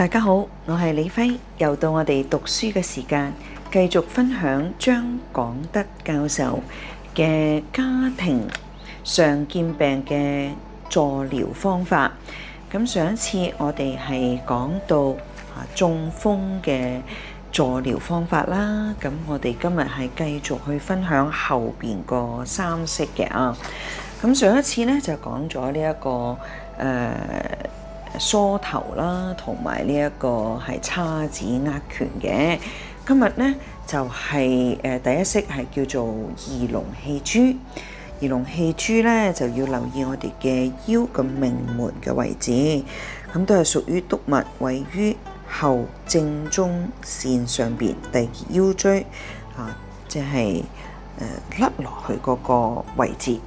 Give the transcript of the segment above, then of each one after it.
大家好，我係李輝，又到我哋讀書嘅時間，繼續分享張廣德教授嘅家庭常見病嘅助療方法。咁上一次我哋係講到啊中風嘅助療方法啦，咁我哋今日係繼續去分享後邊個三式嘅啊。咁上一次咧就講咗呢一個誒。梳頭啦，同埋呢一個係叉子握拳嘅。今日呢，就係、是、誒第一式係叫做二龍戲珠。二龍戲珠呢，就要留意我哋嘅腰嘅命門嘅位置，咁都係屬於督脈，位於後正中線上邊第二腰椎啊，即係甩落去嗰個位置。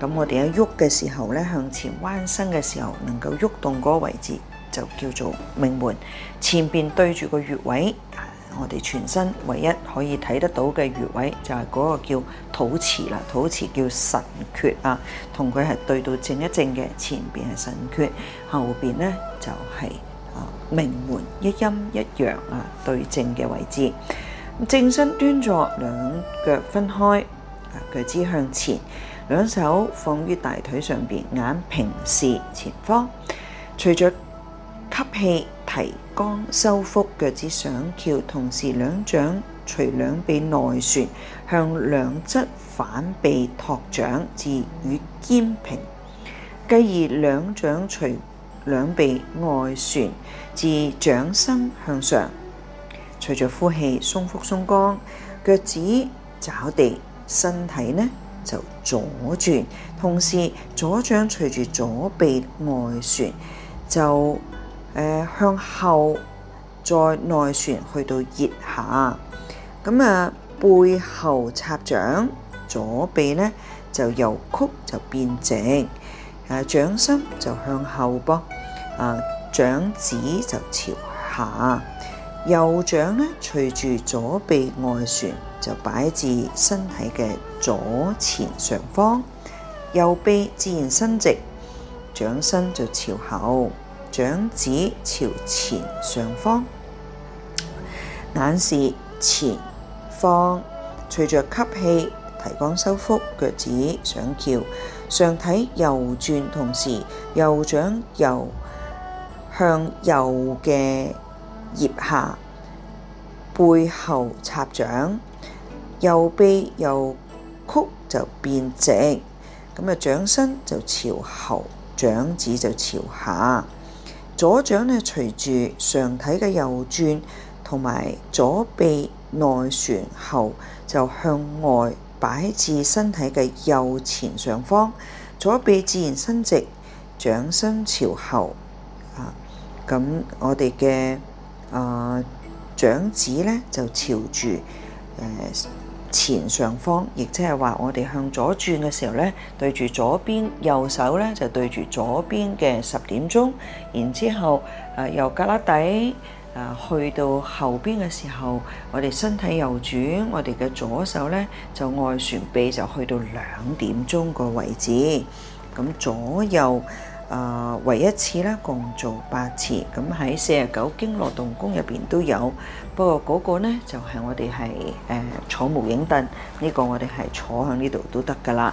咁我哋喺喐嘅時候咧，向前彎身嘅時候，能夠喐動嗰個位置，就叫做命門。前邊對住個穴位，我哋全身唯一可以睇得到嘅穴位就係、是、嗰個叫肚臍啦。肚臍叫神闕啊，同佢係對到正一正嘅。前邊係神闕，後邊咧就係、是、啊命門，一陰一陽啊，對正嘅位置。正身端坐，兩腳分開，腳趾向前。兩手放於大腿上面，眼平視前方。隨着吸氣，提肛收腹，腳趾上翹，同時兩掌隨兩臂內旋向兩側反臂托掌至與肩平。繼而兩掌隨兩臂外旋至掌心向上。隨着呼氣，鬆腹鬆肛，腳趾找地，身體呢，就左轉，同時左掌隨住左臂外旋，就誒向後再內旋去到腋下。咁啊，背後插掌，左臂咧，就由曲就變直，誒，掌心就向後噃，啊掌指就朝下，右掌咧，隨住左臂外旋。就擺至身體嘅左前上方，右臂自然伸直，掌心就朝後，掌指朝前上方，眼視前方。隨着吸氣，提肛收腹，腳趾上翹，上體右轉，同時右掌由向右嘅腋下背後插掌。右臂由曲，就變直，咁啊掌心就朝後，掌指就朝下。左掌呢隨住上體嘅右轉，同埋左臂內旋後就向外擺至身體嘅右前上方。左臂自然伸直，掌心朝後，啊，咁我哋嘅啊掌指呢，就朝住誒。呃前上方，亦即係話，我哋向左轉嘅時候咧，對住左邊，右手咧就對住左邊嘅十點鐘，然之後誒由旮旯底誒去到後邊嘅時候，我哋身體右轉，我哋嘅左手咧就外旋臂就去到兩點鐘個位置，咁左右。誒，唯一次啦，共做八次。咁喺四十九經絡動功入邊都有，不過嗰個呢就係我哋係誒坐無影凳，呢個我哋係坐響呢度都得噶啦。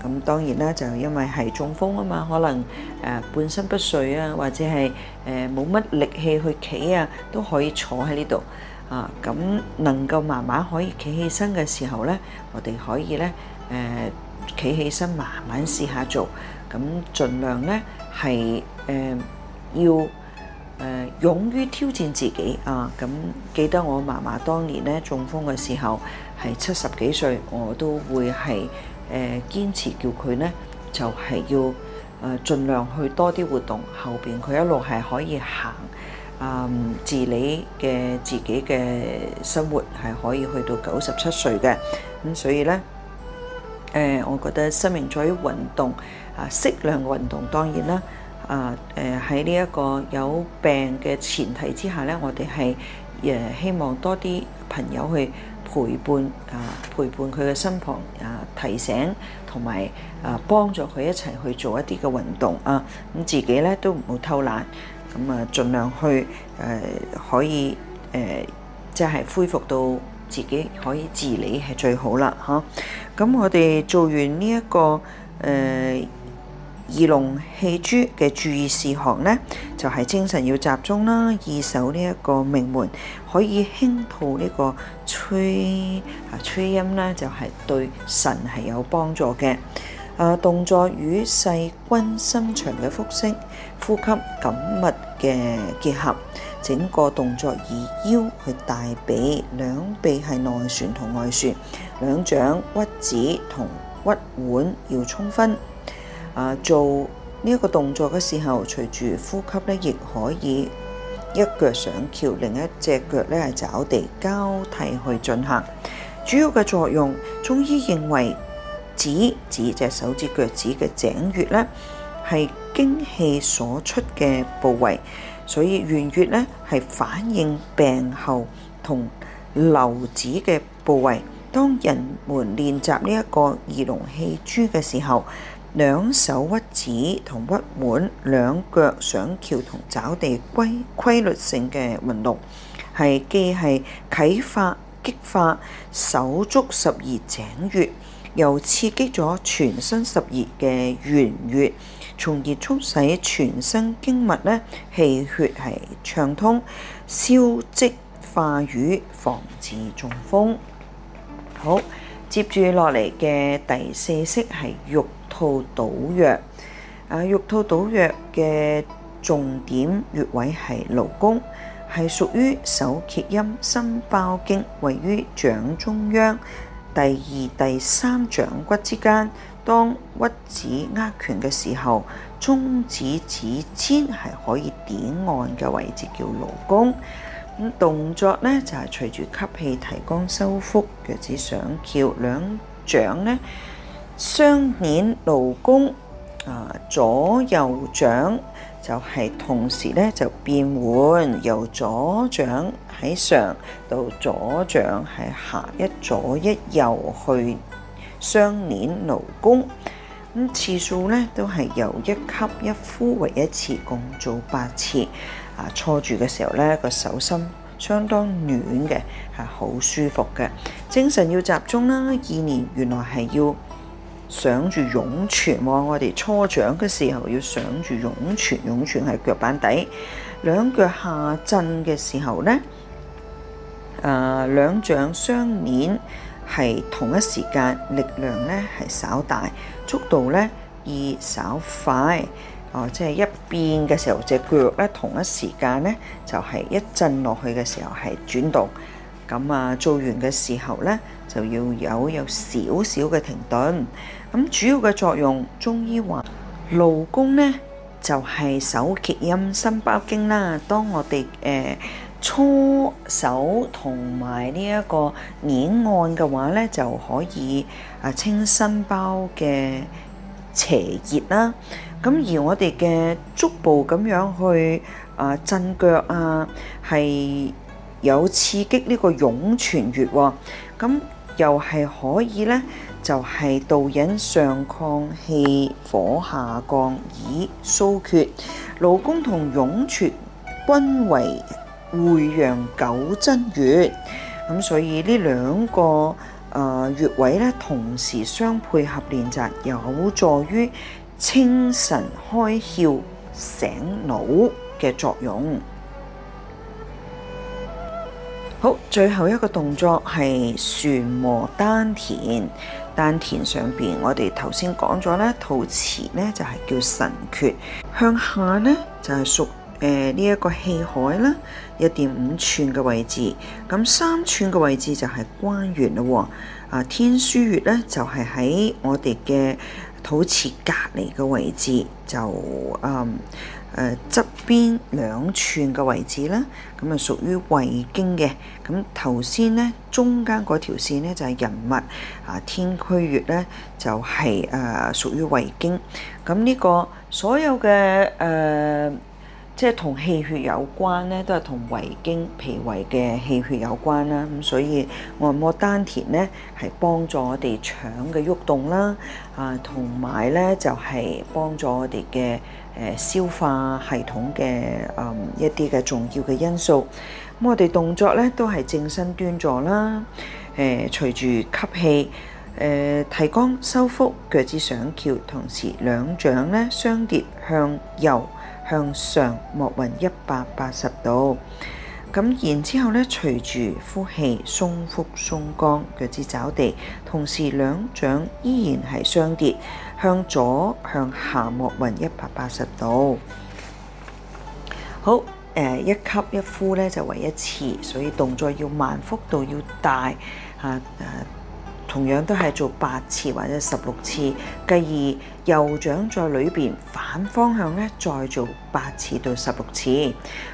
咁當然咧，就因為係中風啊嘛，可能誒半身不遂啊，或者係誒冇乜力氣去企啊，都可以坐喺呢度。啊，咁能夠慢慢可以企起身嘅時候呢，我哋可以呢誒。企起身，慢慢試下做，咁盡量呢係誒、呃、要、呃、勇於挑戰自己啊！咁記得我媽媽當年呢中風嘅時候係七十幾歲，我都會係誒堅持叫佢呢，就係、是、要誒盡、呃、量去多啲活動。後邊佢一路係可以行啊、呃，自理嘅自己嘅生活係可以去到九十七歲嘅，咁，所以呢。誒、呃，我覺得生命在於運動，啊，適量嘅運動當然啦，啊，誒喺呢一個有病嘅前提之下咧，我哋係誒希望多啲朋友去陪伴，啊，陪伴佢嘅身旁，啊，提醒同埋啊，幫助佢一齊去做一啲嘅運動啊，咁、呃、自己咧都唔好偷懶，咁啊，儘量去誒、呃、可以誒、呃，即係恢復到。自己可以自理係最好啦，嚇！咁我哋做完呢一個誒二龍戲珠嘅注意事項咧，就係精神要集中啦，二手呢一個命門，可以輕吐呢個吹啊吹音咧，就係對神係有幫助嘅。啊，動作與細君深長嘅腹式呼吸、呼吸緊密嘅結合。整個動作以腰去大髀，兩臂係內旋同外旋，兩掌屈指同屈腕要充分。啊、呃，做呢一個動作嘅時候，隨住呼吸咧，亦可以一腳上翹，另一隻腳咧係找地交替去進行。主要嘅作用，中醫認為指指隻手指、腳趾嘅井穴咧，係經氣所出嘅部位。所以原穴咧係反映病候同流子嘅部位。當人們練習呢一個二龍器珠嘅時候，兩手屈指同屈腕，兩腳上翹同找地規規律性嘅運動，係既係啟發激發手足十二井穴，又刺激咗全身十二嘅原穴。從而促使全身經脈咧氣血係暢通，消積化瘀，防止中風。好，接住落嚟嘅第四式係玉兔倒藥。啊，玉兔倒藥嘅重點穴位係勞宮，係屬於手厥陰心包經，位於掌中央第二、第三掌骨之間。當屈指握拳嘅時候，中指指尖係可以點按嘅位置叫勞宮，嗯。動作呢就係隨住吸氣提肛收腹，腳趾上翹，兩掌呢雙點勞宮。啊，左右掌就係同時呢就變換，由左掌喺上到左掌喺下，一左一右去。雙捻勞宮，咁次數咧都係由一吸一呼為一次，共做八次。啊，搓住嘅時候咧個手心相當暖嘅，係好舒服嘅。精神要集中啦，意念原來係要想住湧泉。我哋搓掌嘅時候要想住湧泉，湧泉係腳板底。兩腳下震嘅時候咧，誒、啊，兩掌相捻。係同一時間，力量咧係稍大，速度咧亦稍快。哦，即係一邊嘅時候，隻腳咧同一時間咧就係一震落去嘅時候係轉動。咁啊，做完嘅時候咧就要有有少少嘅停頓。咁主要嘅作用，中醫話勞宮咧就係手厥陰心包經啦。當我哋誒。搓手同埋呢一個碾按嘅話咧，就可以啊清心包嘅邪熱啦。咁而我哋嘅足部咁樣去啊震腳啊，係有刺激呢個湧泉穴喎、哦。咁、啊、又係可以咧，就係、是、導引上亢氣火下降，以疏缺。勞宮同湧泉均為，會陽九真穴，咁所以呢兩個誒穴、呃、位咧，同時相配合練習，有助於清晨開竅醒腦嘅作用。好，最後一個動作係旋磨丹田。丹田上邊我哋頭先講咗咧，肚臍咧就係、是、叫神闕，向下咧就係、是、屬。誒、呃這個、呢一個氣海啦，一點五寸嘅位置，咁三寸嘅位置就係關元啦、哦。啊、呃，天樞穴咧就係、是、喺我哋嘅肚臍隔離嘅位置，就嗯誒側邊兩寸嘅位置啦。咁啊屬於胃經嘅。咁頭先咧，中間嗰條線咧就係、是、任脈啊、呃，天樞穴咧就係誒屬於胃經。咁呢個所有嘅誒。呃即係同氣血有關咧，都係同胃經、脾胃嘅氣血有關啦。咁、嗯、所以按摩丹田咧，係幫助我哋腸嘅喐動啦。啊，同埋咧就係、是、幫助我哋嘅誒消化系統嘅誒、嗯、一啲嘅重要嘅因素。咁、嗯、我哋動作咧都係正身端坐啦。誒、呃，隨住吸氣，誒、呃、提肛收腹，腳趾上翹，同時兩掌咧相疊向右。向上抹雲一百八十度，咁然之後咧，隨住呼氣鬆腹鬆肛，腳趾找地，同時兩掌依然係相疊，向左向下抹雲一百八十度。好，誒一吸一呼咧就為一次，所以動作要慢，幅度要大嚇誒。同樣都係做八次或者十六次，繼而右掌在裏邊反方向咧，再做八次到十六次。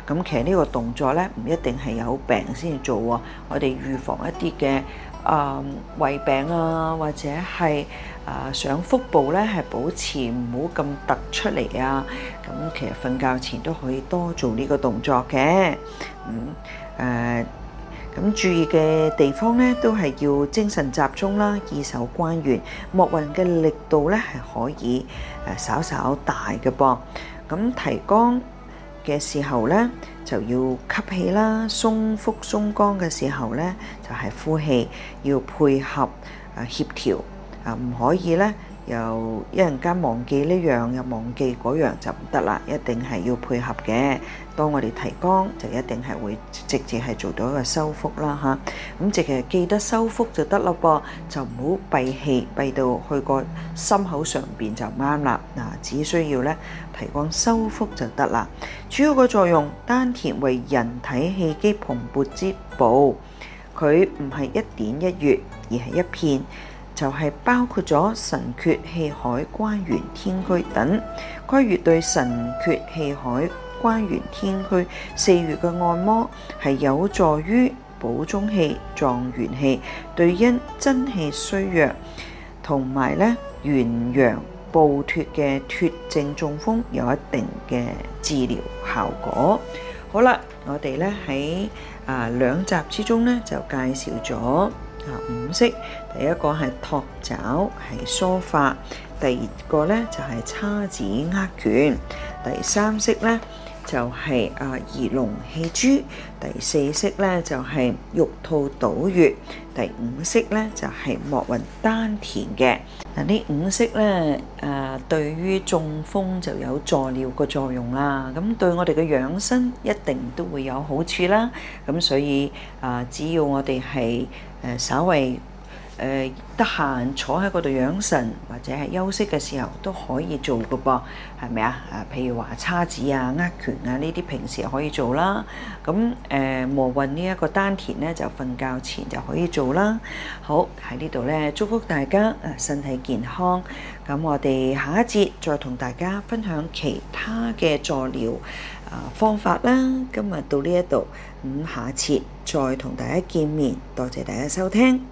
咁其實呢個動作咧，唔一定係有病先做喎。我哋預防一啲嘅啊胃病啊，或者係啊、呃、上腹部咧係保持唔好咁突出嚟啊。咁其實瞓覺前都可以多做呢個動作嘅。嗯，誒、呃。咁注意嘅地方咧，都係要精神集中啦，意守關元，摩運嘅力度咧，係可以誒稍稍大嘅噃。咁提肛嘅時候咧，就要吸氣啦；鬆腹鬆肛嘅時候咧，就係呼氣，要配合誒協調啊，唔可以咧。又一陣間忘記呢樣，又忘記嗰樣就唔得啦，一定係要配合嘅。當我哋提肛，就一定係會直接係做到一個收腹啦吓，咁即係記得收腹就得啦噃，就唔好閉氣閉到去個心口上邊就啱啦。嗱，只需要咧提肛收腹就得啦。主要個作用，丹田為人體氣機蓬勃之寶，佢唔係一點一穴，而係一片。就係包括咗神闕、氣海、關元、天樞等。該穴對神闕、氣海、關元、天樞四穴嘅按摩係有助於補中氣、壯元氣，對因真氣衰弱同埋咧元陽暴脫嘅脫症中風有一定嘅治療效果。好啦，我哋咧喺啊兩集之中咧就介紹咗。五式，第一個係托爪，係梳髮；第二個咧就係、是、叉指、握拳；第三式咧就係、是、啊移龍氣珠；第四式咧就係、是、玉兔搗月；第五式咧就係、是、莫雲丹田嘅。嗱，呢五式咧啊、呃，對於中風就有助療嘅作用啦。咁對我哋嘅養生一定都會有好處啦。咁所以啊、呃，只要我哋係誒稍為誒、呃、得閒坐喺嗰度養神，或者係休息嘅時候都可以做嘅噃，係咪啊？啊，譬如話叉子啊、握拳啊呢啲，平時可以做啦。咁誒、呃、磨運呢一個丹田咧，就瞓覺前就可以做啦。好喺呢度咧，祝福大家啊身體健康。咁我哋下一節再同大家分享其他嘅助療啊、呃、方法啦。今日到呢一度，咁下一次。再同大家見面，多謝大家收聽。